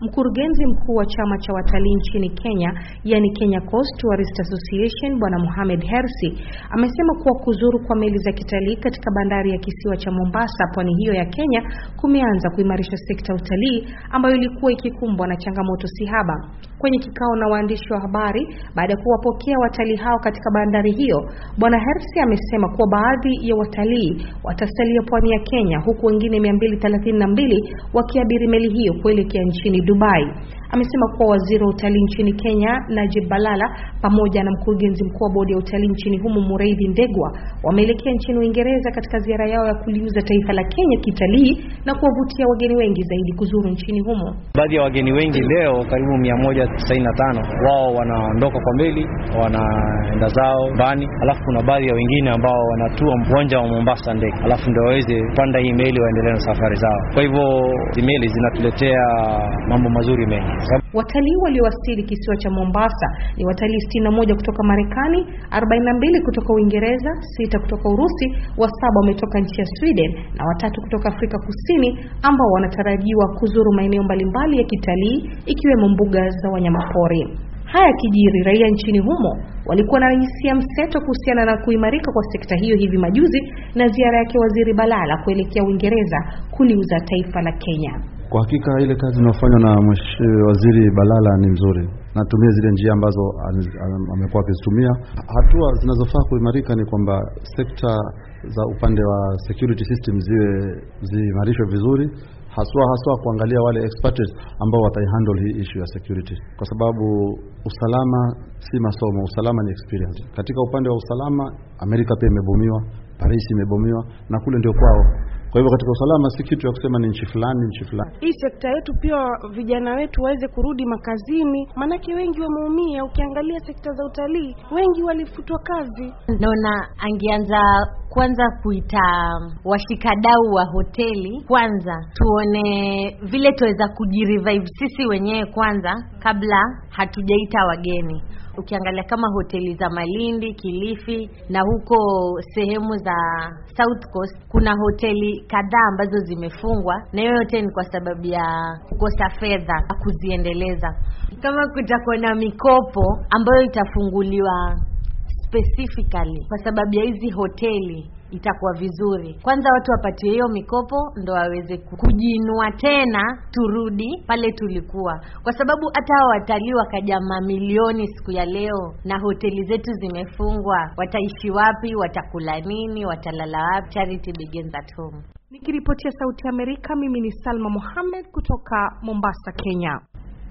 Mkurugenzi mkuu wa chama cha watalii nchini Kenya, yani Kenya Coast Tourist Association, Bwana Mohamed Hersi amesema kuwa kuzuru kwa meli za kitalii katika bandari ya kisiwa cha Mombasa, pwani hiyo ya Kenya, kumeanza kuimarisha sekta ya utalii ambayo ilikuwa ikikumbwa na changamoto sihaba. Kwenye kikao na waandishi wa habari baada ya kuwapokea watalii hao katika bandari hiyo, Bwana Hersi amesema kuwa baadhi ya watalii watasalia pwani ya Kenya huku wengine 232 wakiabiri meli hiyo kuelekea nchini Dubai amesema kuwa waziri wa utalii nchini Kenya Najib Balala pamoja na mkurugenzi mkuu wa bodi ya utalii nchini humo Mureithi Ndegwa wameelekea nchini Uingereza katika ziara yao ya kuliuza taifa la Kenya kitalii na kuwavutia wageni wengi zaidi kuzuru nchini humo. Baadhi ya wageni wengi leo karibu 195 wao wanaondoka kwa meli wanaenda zao bani, alafu kuna baadhi ya wengine ambao wanatua uwanja wa Mombasa ndege, alafu ndio waweze kupanda hii meli waendelee na safari zao. Kwa hivyo meli zinatuletea mambo mazuri mengi. Watalii waliowasili kisiwa cha Mombasa ni watalii 61 kutoka Marekani, 42 kutoka Uingereza, sita kutoka Urusi, wasaba wametoka nchi ya Sweden na watatu kutoka Afrika Kusini, ambao wanatarajiwa kuzuru maeneo mbalimbali ya kitalii ikiwemo mbuga za wanyamapori. Haya kijiri raia nchini humo walikuwa na hisia mseto kuhusiana na kuimarika kwa sekta hiyo hivi majuzi na ziara yake Waziri Balala kuelekea Uingereza kuliuza taifa la Kenya. Kwa hakika ile kazi inayofanywa na Waziri Balala ni mzuri, natumia zile njia ambazo amekuwa akizitumia. Hatua zinazofaa kuimarika ni kwamba sekta za upande wa security system ziwe ziimarishwe vizuri, haswa haswa kuangalia wale experts ambao wataihandle hii issue ya security, kwa sababu usalama si masomo, usalama ni experience. Katika upande wa usalama, Amerika pia imebomiwa, Paris imebomiwa, na kule ndio kwao kwa hivyo katika usalama si kitu ya kusema ni nchi fulani nchi fulani. Hii sekta yetu pia vijana wetu waweze kurudi makazini, maanake wengi wameumia. Ukiangalia sekta za utalii, wengi walifutwa kazi. Naona angeanza kwanza kuita washikadau wa hoteli kwanza, tuone vile tuweza kujirevive sisi wenyewe kwanza, kabla hatujaita wageni. Ukiangalia kama hoteli za Malindi, Kilifi na huko sehemu za South Coast kuna hoteli kadhaa ambazo zimefungwa, na hiyo yote ni kwa sababu ya kukosa fedha kuziendeleza. Kama kutakuwa na mikopo ambayo itafunguliwa specifically kwa sababu ya hizi hoteli itakuwa vizuri. Kwanza watu wapatie hiyo mikopo ndo waweze kujiinua tena, turudi pale tulikuwa, kwa sababu hata hawa watalii wakaja mamilioni siku ya leo na hoteli zetu zimefungwa, wataishi wapi? Watakula nini? Watalala wapi? Charity begins at home. Nikiripotia Sauti ya Amerika, mimi ni Salma Mohamed kutoka Mombasa, Kenya.